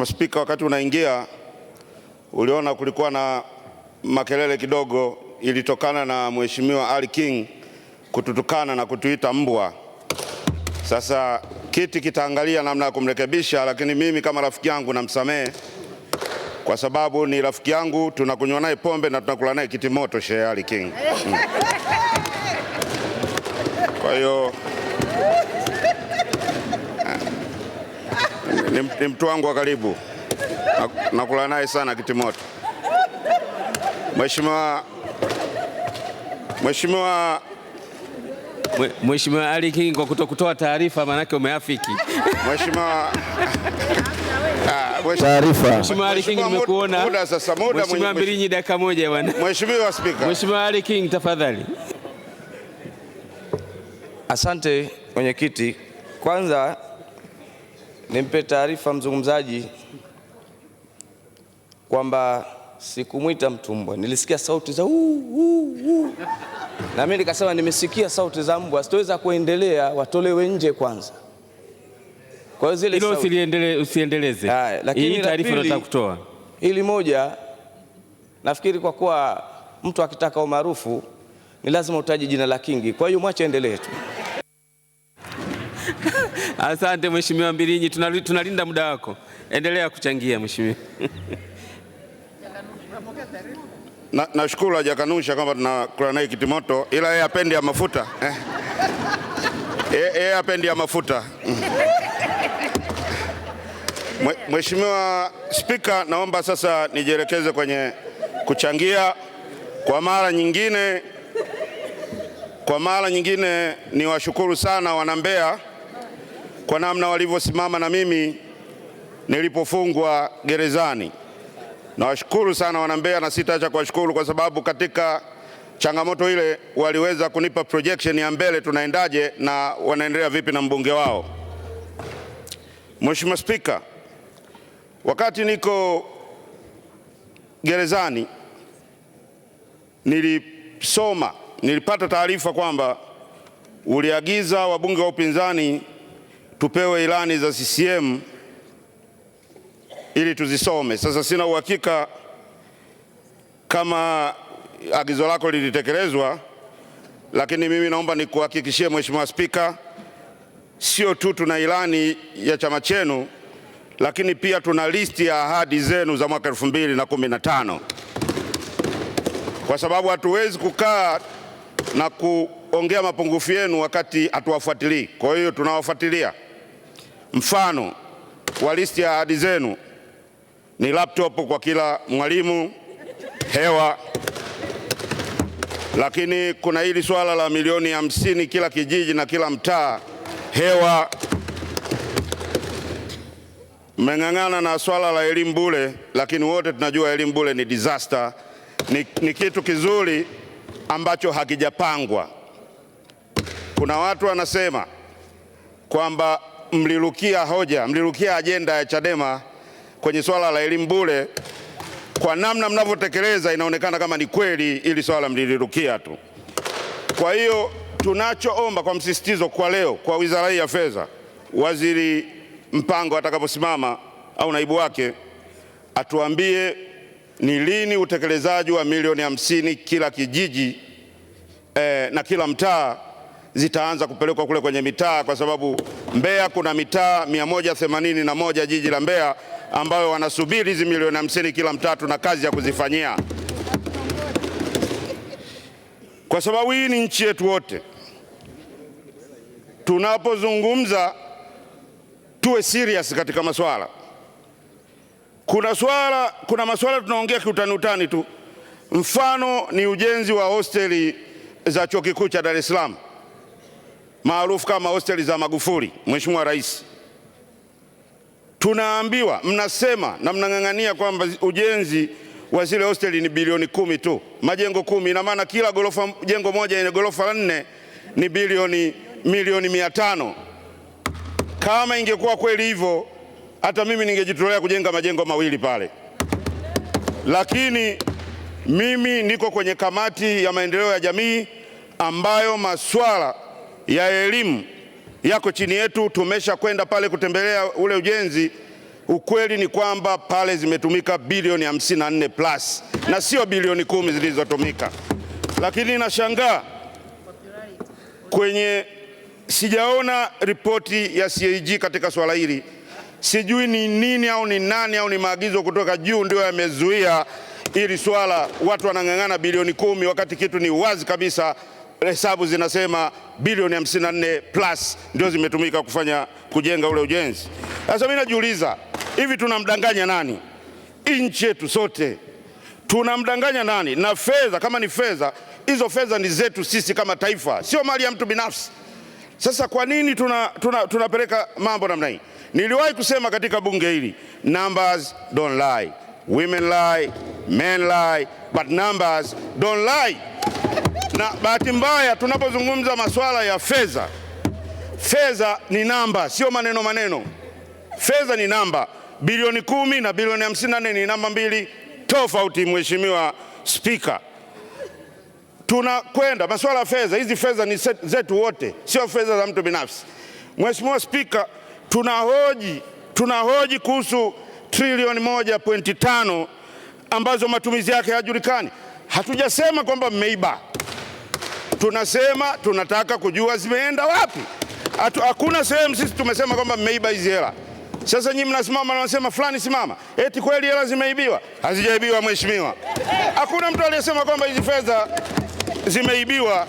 Mheshimiwa Spika, wakati unaingia uliona kulikuwa na makelele kidogo, ilitokana na Mheshimiwa Ali King kututukana na kutuita mbwa. Sasa kiti kitaangalia namna ya kumrekebisha, lakini mimi kama rafiki yangu namsamehe kwa sababu ni rafiki yangu, tunakunywa naye pombe na tunakula naye kiti moto. Sheikh Ali King mm. kwa hiyo ni mtu wangu wa karibu, nakula naye sana kitimoto. Mheshimiwa Mheshimiwa Mheshimiwa Ali King kwa kutokutoa taarifa manake umeafiki. Mheshimiwa ah, Mheshimiwa Ali King nimekuona. Mheshimiwa Mbilinyi dakika moja bwana. Mheshimiwa Speaker. Mheshimiwa Ali King tafadhali. Asante mwenyekiti. Kwanza Nimpe taarifa mzungumzaji kwamba sikumwita mtumbwa, nilisikia sauti za uu, uu, uu. Na mimi nikasema nimesikia sauti za mbwa, sitoweza kuendelea, watolewe nje kwanza. Kwa hiyo zile sauti usiendelee, usiendeleze lakini taarifa nataka kutoa. Hili moja nafikiri kwa kuwa mtu akitaka umaarufu ni lazima utaje jina la Kingi, kwa hiyo mwache endelee tu. Asante Mheshimiwa Mbilinyi, tunalinda muda wako, endelea kuchangia Mheshimiwa. Nashukuru na hajakanusha kwamba tunakula naye kitimoto, ila yeye apendi ya mafuta eh? yeye eh. apendi ya mafuta Mheshimiwa Spika, naomba sasa nijielekeze kwenye kuchangia kwa mara nyingine. Kwa mara nyingine niwashukuru sana wana Mbeya kwa namna walivyosimama na mimi nilipofungwa gerezani. Nawashukuru sana wanambeya na sitaacha kuwashukuru kwa sababu katika changamoto ile waliweza kunipa projection ya mbele tunaendaje na wanaendelea vipi na mbunge wao. Mheshimiwa Spika, wakati niko gerezani nilisoma, nilipata taarifa kwamba uliagiza wabunge wa upinzani tupewe ilani za CCM ili tuzisome. Sasa sina uhakika kama agizo lako lilitekelezwa, lakini mimi naomba nikuhakikishie Mheshimiwa Spika, sio tu tuna ilani ya chama chenu, lakini pia tuna listi ya ahadi zenu za mwaka tano kwa sababu hatuwezi kukaa na kuongea mapungufu yenu wakati hatuwafuatilii. Kwa hiyo tunawafuatilia. Mfano wa listi ya ahadi zenu ni laptop kwa kila mwalimu, hewa. Lakini kuna hili swala la milioni hamsini kila kijiji na kila mtaa, hewa. Mmeng'ang'ana na swala la elimu bure, lakini wote tunajua elimu bure ni disaster, ni, ni kitu kizuri ambacho hakijapangwa. Kuna watu wanasema kwamba mlirukia hoja, mlirukia ajenda ya Chadema kwenye swala la elimu bure. Kwa namna mnavyotekeleza inaonekana kama ni kweli, ili swala mlilirukia tu. Kwa hiyo tunachoomba kwa msisitizo kwa leo kwa wizara hii ya fedha, waziri Mpango atakaposimama au naibu wake atuambie ni lini utekelezaji wa milioni hamsini kila kijiji eh, na kila mtaa zitaanza kupelekwa kule kwenye mitaa kwa sababu Mbeya kuna mitaa 181 jiji la Mbeya ambayo wanasubiri hizi milioni hamsini kila mtatu na kazi ya kuzifanyia, kwa sababu hii ni nchi yetu wote. Tunapozungumza tuwe serious katika maswala. Kuna swala, kuna maswala tunaongea kiutani utani tu, mfano ni ujenzi wa hosteli za chuo kikuu cha Dar es Salaam maarufu kama hosteli za Magufuli. Mheshimiwa Rais, tunaambiwa mnasema na mnang'ang'ania kwamba ujenzi wa zile hosteli ni bilioni kumi tu, majengo kumi. Ina maana kila gorofa, jengo moja yenye gorofa nne ni bilioni milioni mia tano. Kama ingekuwa kweli hivyo, hata mimi ningejitolea kujenga majengo mawili pale, lakini mimi niko kwenye kamati ya maendeleo ya jamii ambayo maswala ya elimu yako chini yetu. tumesha kwenda pale kutembelea ule ujenzi. Ukweli ni kwamba pale zimetumika bilioni nne plus na sio bilioni kumi zilizotumika, lakini nashangaa kwenye, sijaona ripoti ya CAG katika swala hili. Sijui ni nini au ni nani au ni maagizo kutoka juu ndio yamezuia ili swala, watu wanang'ang'ana bilioni kumi wakati kitu ni wazi kabisa hesabu zinasema bilioni nne plus ndio zimetumika kufanya kujenga ule ujenzi. Sasa mimi najiuliza, hivi tunamdanganya nani? Nchi yetu sote tunamdanganya nani? Na fedha kama ni fedha, hizo fedha ni zetu sisi kama taifa, sio mali ya mtu binafsi. Sasa kwa nini tunapeleka tuna, tuna mambo namna hii? Niliwahi kusema katika bunge hili, numbers don't lie, women lie, men lie, but numbers don't lie. Na bahati mbaya tunapozungumza masuala ya fedha, fedha ni namba, sio maneno maneno. Fedha ni namba. Bilioni kumi na bilioni hamsini na nne ni namba mbili tofauti. Mheshimiwa Spika, tunakwenda masuala ya fedha. Hizi fedha ni zetu wote, sio fedha za mtu binafsi. Mheshimiwa Spika, tunahoji tunahoji kuhusu trilioni moja pointi tano ambazo matumizi yake hayajulikani. Hatujasema kwamba mmeiba tunasema tunataka kujua zimeenda wapi. Hakuna sehemu sisi tumesema kwamba mmeiba hizi hela. Sasa nyinyi mnasimama na nasema fulani simama, eti kweli hela zimeibiwa? Hazijaibiwa mheshimiwa, hakuna mtu aliyesema kwamba hizi fedha zimeibiwa,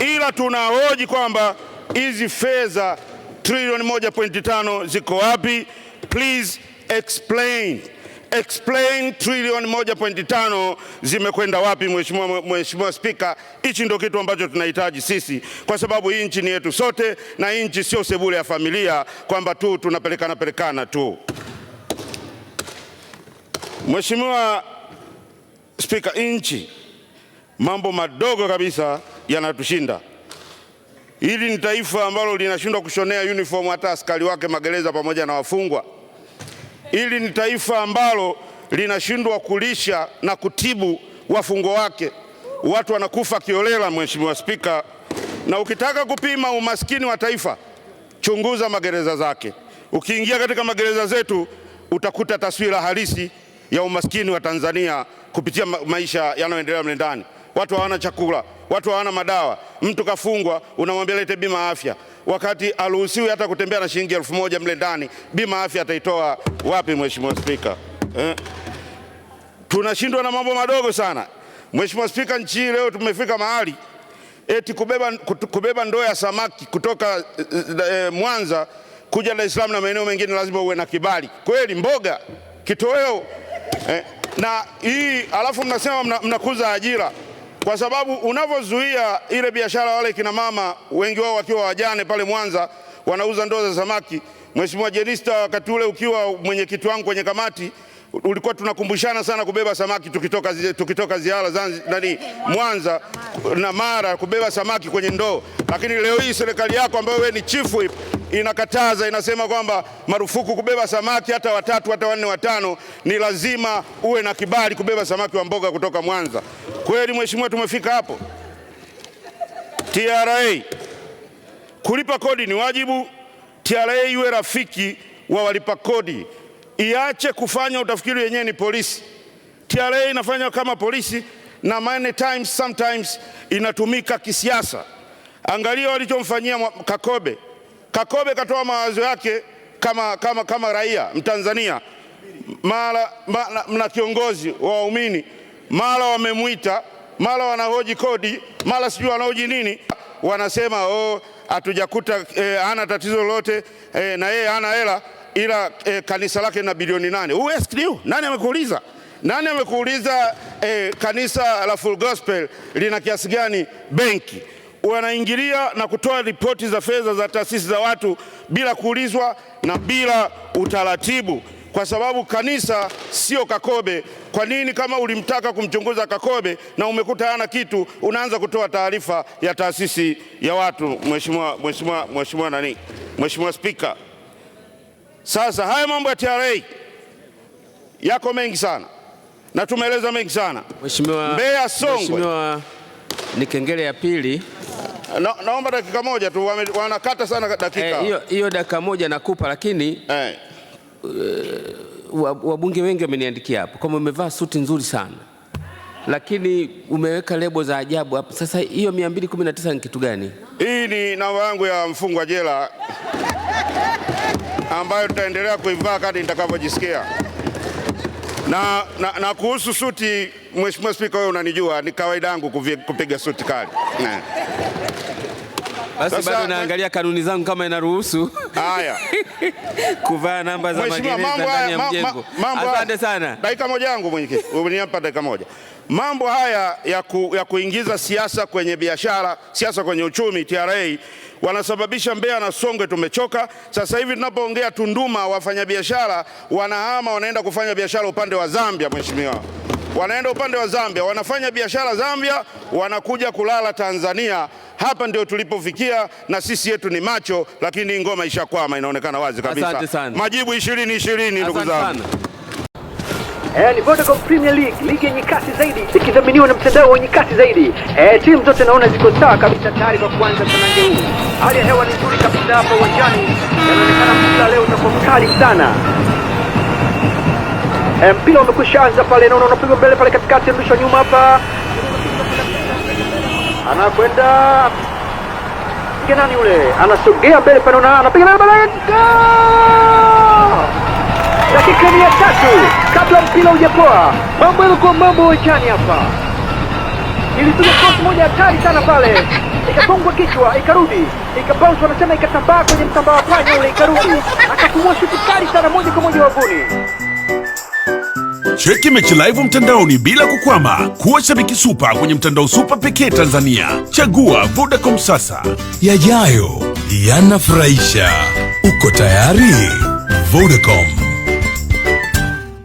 ila tunahoji kwamba hizi fedha trilioni 1.5 ziko wapi? Please explain explain trilioni 1.5 zimekwenda wapi? Mheshimiwa, Mheshimiwa Spika, hichi ndio kitu ambacho tunahitaji sisi, kwa sababu hii nchi ni yetu sote, na hii nchi sio sebule ya familia kwamba tu tunapelekana pelekana tu. Mheshimiwa Spika, nchi mambo madogo kabisa yanatushinda. Hili ni taifa ambalo linashindwa kushonea uniform hata askari wake magereza pamoja na wafungwa. Hili ni taifa ambalo linashindwa kulisha na kutibu wafungwa wake, watu wanakufa kiolela, Mheshimiwa Spika. Na ukitaka kupima umaskini wa taifa, chunguza magereza zake. Ukiingia katika magereza zetu utakuta taswira halisi ya umaskini wa Tanzania kupitia maisha yanayoendelea mle ndani, watu hawana chakula watu hawana madawa. Mtu kafungwa, unamwambia lete bima afya, wakati aruhusiwi hata kutembea na shilingi elfu moja mle ndani. Bima afya ataitoa wapi, Mheshimiwa Spika eh? Tunashindwa na mambo madogo sana, Mheshimiwa Spika. Nchi hii leo tumefika mahali eti kubeba, kubeba ndoo ya samaki kutoka e, Mwanza kuja Dar es Salaam na maeneo mengine lazima uwe na kibali. Kweli mboga kitoweo eh, na hii alafu mnasema mnakuza mna ajira kwa sababu unavyozuia ile biashara, wale kina mama wengi wao wakiwa wajane pale Mwanza wanauza ndoo za samaki. Mheshimiwa Jenista, wakati ule ukiwa mwenyekiti wangu kwenye kamati, ulikuwa tunakumbushana sana kubeba samaki tukitoka, tukitoka ziara nani Mwanza na Mara, kubeba samaki kwenye ndoo. Lakini leo hii serikali yako ambayo wewe ni chief whip inakataza, inasema kwamba marufuku kubeba samaki hata watatu hata wanne watano, ni lazima uwe na kibali kubeba samaki wa mboga kutoka Mwanza. Kweli mheshimiwa, tumefika hapo? TRA kulipa kodi ni wajibu. TRA iwe rafiki wa walipa kodi, iache kufanya utafikiri yenyewe ni polisi. TRA inafanya kama polisi na many times sometimes inatumika kisiasa. Angalia walichomfanyia Kakobe. Kakobe katoa mawazo yake kama, kama, kama raia Mtanzania mara na kiongozi wa waumini, mara wamemwita, mara wanahoji kodi, mara sijui wanahoji nini, wanasema oh, hatujakuta eh, ana tatizo lolote eh, na yeye ana hela ila eh, kanisa lake na bilioni nane. Who asked you? Nani amekuuliza? Nani amekuuliza eh, kanisa la Full Gospel lina kiasi gani benki wanaingilia na kutoa ripoti za fedha za taasisi za watu bila kuulizwa na bila utaratibu, kwa sababu kanisa sio Kakobe. Kwa nini kama ulimtaka kumchunguza Kakobe na umekuta hana kitu, unaanza kutoa taarifa ya taasisi ya watu? Mheshimiwa, mheshimiwa, mheshimiwa nani, Mheshimiwa Spika, sasa haya mambo ya TRA yako mengi sana na tumeeleza mengi sana Mheshimiwa, Mbeya Songwe ni kengele ya pili. Na, naomba dakika moja tu, wanakata sana dakika eh, hiyo eh, dakika moja nakupa, lakini eh, uh, wabunge wengi wameniandikia hapo kama umevaa suti nzuri sana lakini umeweka lebo za ajabu hapo. Sasa hiyo 219 ni kitu gani? Hii ni namba yangu ya mfungwa jela ambayo tutaendelea kuivaa kadri nitakavyojisikia. Na, na, na kuhusu suti, Mheshimiwa Spika, wewe unanijua ni kawaida yangu kupiga suti kali. Basi bado naangalia kanuni zangu kama inaruhusu. Haya. kuvaa namba za magereza ndani ya mjengo. Asante sana. Dakika moja yangu mwenyekiti. uniapa dakika moja. Mambo haya ya, ku, ya kuingiza siasa kwenye biashara, siasa kwenye uchumi, TRA wanasababisha Mbeya na Songwe tumechoka. Sasa hivi tunapoongea, Tunduma wafanyabiashara wanahama, wanaenda kufanya biashara upande wa Zambia, mheshimiwa, wanaenda upande wa Zambia, wanafanya biashara Zambia, wanakuja kulala Tanzania. Hapa ndio tulipofikia, na sisi yetu ni macho, lakini ngoma ishakwama, inaonekana wazi kabisa. Majibu ishirini ishirini, ndugu zangu. E, ni Vodacom Premier League, ligi yenye kasi zaidi ikidhaminiwa na mtandao wenye kasi zaidi. E, timu zote naona ziko sawa kabisa tayari kwa kuanza mtanange huu. Hali ya hewa ni nzuri kabisa hapa uwanjani, inaonekana mpira leo utakuwa mkali sana. E, mpira umekwisha anza pale, naona unapigwa mbele pale katikati, mrusha nyuma hapa, anakwenda nani yule, anasogea mbele pale, anapiga mbele, dakika ni ya tatu kabla mpira hujapoa. Mambo yalikuwa mambo wachani hapa, ilipiga kosi moja hatari sana pale, ikatongwa kichwa, ikarudi, ikabounce, wanasema ikatambaa kwenye mtambaa wa panya ule, ikarudi, akakumua shuti kali sana moja kwa moja wavuni. Cheki mechi live mtandaoni bila kukwama. Kuwa shabiki supa kwenye mtandao supa pekee Tanzania. Chagua Vodacom. Sasa yajayo yanafurahisha. Uko tayari? Vodacom.